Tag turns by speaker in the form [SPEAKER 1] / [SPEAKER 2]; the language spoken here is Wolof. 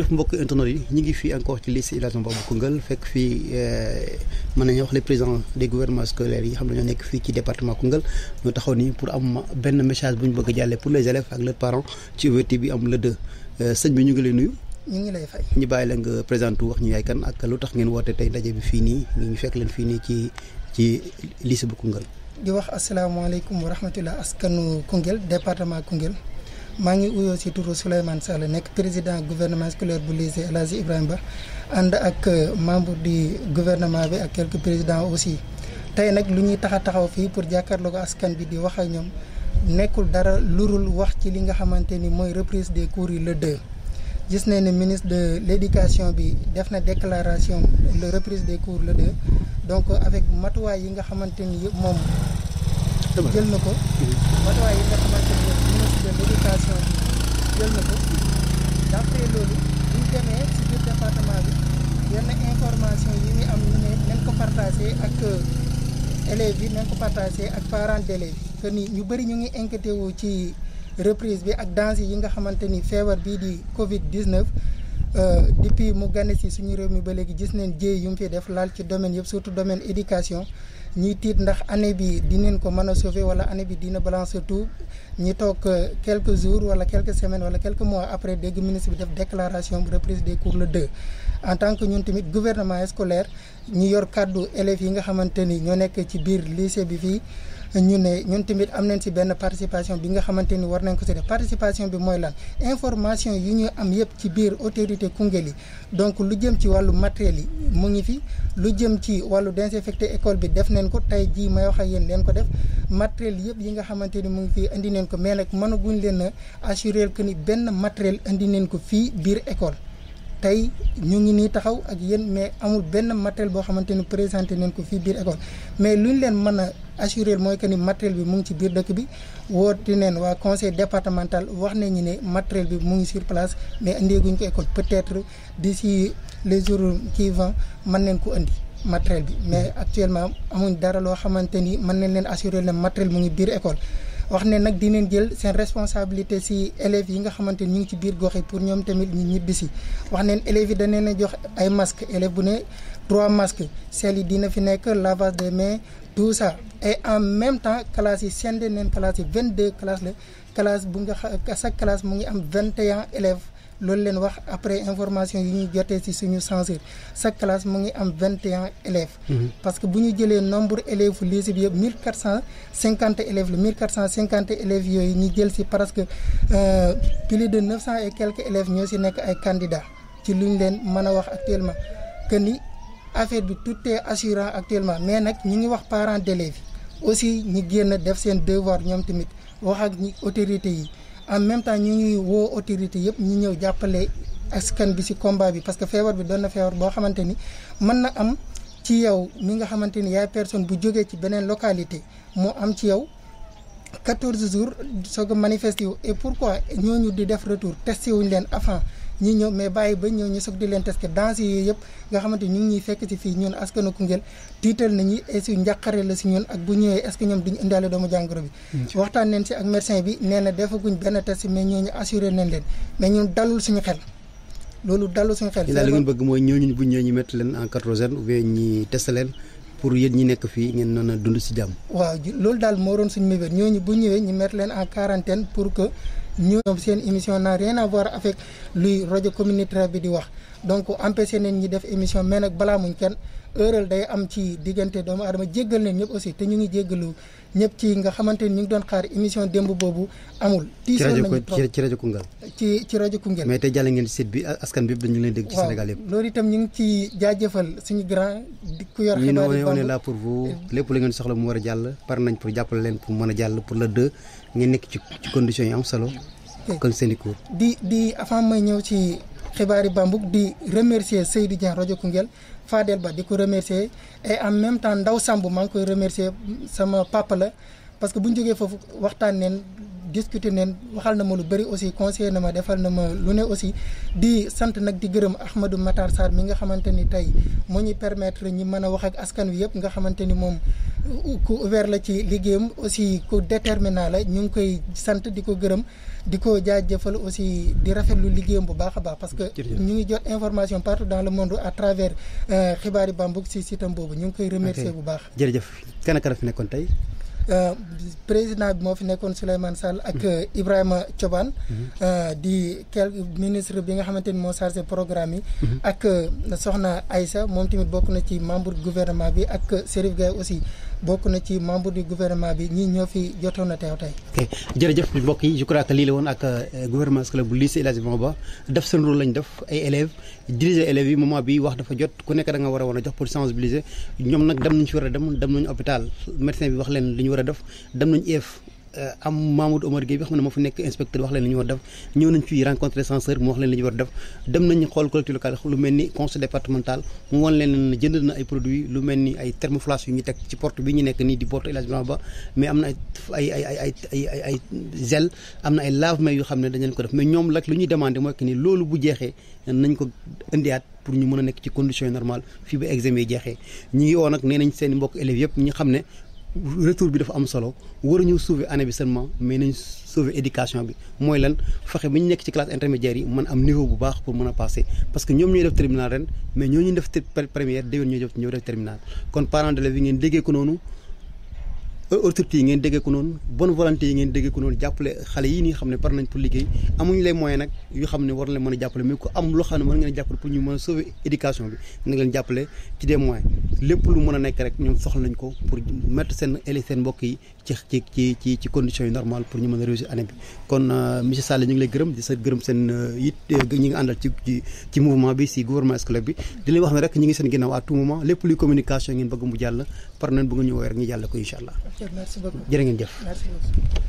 [SPEAKER 1] jëf mbokk internet yi ñu ngi fii encore ci lycée Elhadji Mbaw bu Koungheul fekk fii euh, mën nañu wax les présidents des gouvernements scolaires yi xam ne ñoo nekk fii ci département Koungheul ñoo taxaw nii pour am benn message bu ñu bëgg a jàllee pour les élèves ak leurs parents ci ouverture bi am le deux euh, sëñ bi ñu ngi lay nuyu. ñu ngi lay fay ñu bàyyi la nga présenté wax ñu yaay kan ak lu tax ngeen woote tey ndaje bi fii nii ñu fekk leen fii nii ci ci lycée bu Koungheul.
[SPEAKER 2] di wax asalaamaaleykum maa ngi uyoo ci turu Souleymane Sall nekk président gouvernement scolaire bu lycée El Hadji Ba ànd ak membre du gouvernement bi ak quelques président aussi tey nag lu ñuy tax a taxaw fii pour jàkkaarloo ko askan bi di wax ak ñoom nekkul dara lurul wax ci li nga xamante ni mooy reprise des cours yi le de gis nañ ni ministre de l' éducation bi def na déclaration le reprise des cours le 2 donc avec matuwaay yi nga xamante ni moom. jël na ko matuwaay yi nga éducation bi na ko d'après loolu bu demee ci biir département bi yenn information yi ñu am ñu ne nañ ak euh, élèves yi nañ ko ak parents d'élèves yi ñu bari ñu ngi inquiété wu ci reprise bi ak danger yi nga xamante ni feebar bii di Covid 19. Euh, depuis mu gane si suñu réew mi ba léegi gis neen jéey yu mu fi def laal ci domaine yëpp surtout domaine éducation ñuy tiit ndax anne bi dinañ ko mën a sauver wala année bi dina balancer tout ñi toog euh, quelque jours wala quelques semaines wala quelques mois après dégg ministre bi def déclaration bu reprise des cours le en tant que ñun tamit gouvernement scolaire ñu yor kàddu élèves yi nga xamante ni ñoo nekk ci biir lycée bi fii ñu ne ñun tamit am nañ si benn participation bi nga xamante ni war nañ ko si def participation bi mooy lan information yi ñu am yëpp ci biir autorité Koungheul yi donc lu jëm ci wàllu matériel yi mu ngi fi lu jëm ci wàllu désinfecté école bi def nañ ko tey jii may wax ak yéen leen ko def matériel yëpp yi nga xamante ni mu ngi fii indi neen ko mais nag mënaguñ leen a assurer que ni benn matériel indi neen ko fii biir école tey ñu ngi nii taxaw ak yéen mais amul benn matériel boo xamante ni présenté nañ ko fii biir école mais lu ñu leen mën a assurer mooy que ni matériel bi mu ngi ci biir dëkk bi woote neen waa conseil départemental wax nañu ne matériel bi mu ngi sur place mais andeeguñ ko école peut-être d'ici les jours qui vont mën nañ ko indi matériel bi mais actuellement amuñ dara loo xamante ni mën nañ leen assurer le matériel mu ngi biir école wax ne nag dineen jël seen responsabilité si élèves yi nga xamante ni ñu ngi ci biir gox yi pour ñoom tamit ñu ñibbi si wax neen élèves yi daneen a jox ay masques élèves bu ne trois masques sel yi dina fi nekk lavage des mains tout a et en même temps classes yi sende neen classes yi vingt deux classes la classe bu nga xa chaque classe mu ngi am vingt et un élèves loolu leen wax après information yi ñu jotee ci suñu censure chaque classe mu ngi am vingt et un élèves mhm. parce que bu ñu jëlee nombre élèves lycée bi yëpp mille quatre cent cinquante élèves la mille quatre cinquante élèves yooyu ñu jël ci presque euh, plus de neuf cent et quelques élèves ñoo si nekk ay candidats ci lu ñu leen mën a wax actuellement que ni affaire bi tout est assurant actuellement mais nag ñu ngi wax parents d'élèves aussi ñi génn def seen devoir ñoom tamit wax ak ñi autorités yi en même temps ñu ñuy woo autorité yëpp ñu ñëw jàppale askan bi ci combat bi parce que feebar bi doon na feebar boo xamante ni mën na am ci yow mi nga xamante ni yaay personne bu jógee ci beneen localité moo am ci yow 14 jours soog a manifesté wu et pourquoi ñooñu di def retour testé wuñ leen avant ñi ñëw mais bàyyi ba ñëw ñu soog di leen test dans yooyu yëpp nga xamante ñu ñuy fekk si fii ñun askanu Koungheul tiital nañu et si la si ñun ak bu ñëwee est ce que ñoom duñu doomu jàngoro bi mm. waxtaan neen si ak médecin bi nee defaguñ benn test mais ñooñu assuré nañ leen mais ñun dalul suñu xel loolu dalul suñu xel daal li ngeen
[SPEAKER 1] bëgg ñu mettre leen en pour yéen ñi nekk fii ngeen noon a dund si jàmm
[SPEAKER 2] waaw loolu daal moo doon suñu mébét ñoom seen émission n'a rien à voir avec luy rajo communautaire bi di wax donc empêché nañ ñi def émission mais nag balaa muñ kenn heural day am ci diggante doomu aadama jéggal nañ ñëpp aussi te ñu ngi jéggalu ñëpp ci nga xamante ni ñu ngi doon xaar émission démb boobu amul. tiisoo nañu trop ci rajo Koungheul ci ci rajo Koungheul. mais tey
[SPEAKER 1] jàll ngeen ci bi askan bi yëpp dañu leen dégg. ci Sénégal yëpp
[SPEAKER 2] loolu itam ñu ngi ci jaajëfal suñu grand. ku yor xibaar yi on est là
[SPEAKER 1] pour vous lépp lu ngeen soxla mu war a jàll par nañ pour jàppale leen pour mën a jàll pour le deux ngeen nekk ci ci yi am solo. kon seen i cours.
[SPEAKER 2] xibaari Bambouk di remercier Seydou Dieng rajo Koungheul Fadel Ba di ko remercier et en même temps Ndaw Samb maa ngi koy remercier sama papa parce que bu ñu foofu waxtaan neen discuter neen waxal na ma lu bëri aussi conseiller na ma defal na ma lu ne aussi di sant nag di gërëm Ahmadou Matar Sarr mi nga xamante ni tey moo ñu permettre ñi mën a wax ak askan wi yëpp nga xamante ni moom ku ouvert la ci liggéeyam aussi ku déterminant la ñu ngi koy sant di ko gërëm di ko jëfal aussi di rafetlu liggéeyam bu baax a baax parce que ñu ngi jot information partout dans le monde à travers euh, xibaari Bambouk si sitam boobu ñu ngi koy remercier bu baax
[SPEAKER 1] jërëjëf kan ak fi nekkoon tey
[SPEAKER 2] Euh, président bi moo fi nekkoon Souleymane Sall ak euh, Ibrahima Thioban mhm. euh, di quelque ministre bi nga xamante ni moo chargé programme yi mhm. ak soxna Aïssa moom tamit bokk na ci membre gouvernement bi ak Serif Gaye aussi bokk na ci membre du gouvernement bi ñii ñoo fi jotoon a teew tey. ok
[SPEAKER 1] jërëjëf mbokk yi je crois que lii la woon ak euh, gouvernance club bu lycée si Hadji ba def seen rôle lañ def ay élèves diriger élèves yi moment bi wax dafa jot ku nekk da nga war a war a jox pour sensibiliser ñoom nag dem nañ fi war a dem dem nañu hôpital médecin bi wax leen li ñu war a def dem nañ IEF. Euh, am Mamadou Omar Gueye bi xam ne moo fi nekk inspecteur wax leen li ñu war def ñëw nañ ci rencontré censeur mu wax leen li ñu war def dem nañ xool collectivité locale lu mel ni conseil départemental mu wan leen ne jënd na ay produits lu mel ni ay thermoflash yu ñu teg ci porte bi ñu nekk nii di porte El Hadj ba mais am na ay ay ay ay am na ay lave-mains yu xam ne dañ leen ko def mais ñoom nag lu ñuy demandé moo que ni loolu bu jeexee nañ ko indiaat pour ñu mën a nekk ci condition normale fii ba jeexee ñu ngi woo nañ seen mbokk élèves yëpp ñu xam ne retour bi dafa am solo waruñu sauver année bi seulement mais nañ sauver éducation bi mooy lan fexe bi ñu nekk ci classe intermédiaire yi mën am niveau bu baax pour mën a passer parce que ñoom ñooy def terminal ren mais ñoo ñu def première déwén ñoo def ñoo def terminal kon parents d'élèves yi ngeen déggee noonu autorité euh, yi ngeen déggee noonu bonne volonté yi ngeen déggee ko noonu jàppale xale yi nii xam ne par nañ pour liggéey amuñu les moyens nag yu xam ne war a jàppale mais a sauver éducation bi na leen jàppale lu nekk rek ñoom soxla nañ ko pour mettre seen éli yi ci ci ci ci ci conditions yu normales pour ñu mën a réussir année bi kon euh, monsieur Sall ñu ngi mu jàll par nañ bëgg ñu woowee rek ñu jàll ko incha allah
[SPEAKER 2] merci beaucoup jërë ngeen jëf.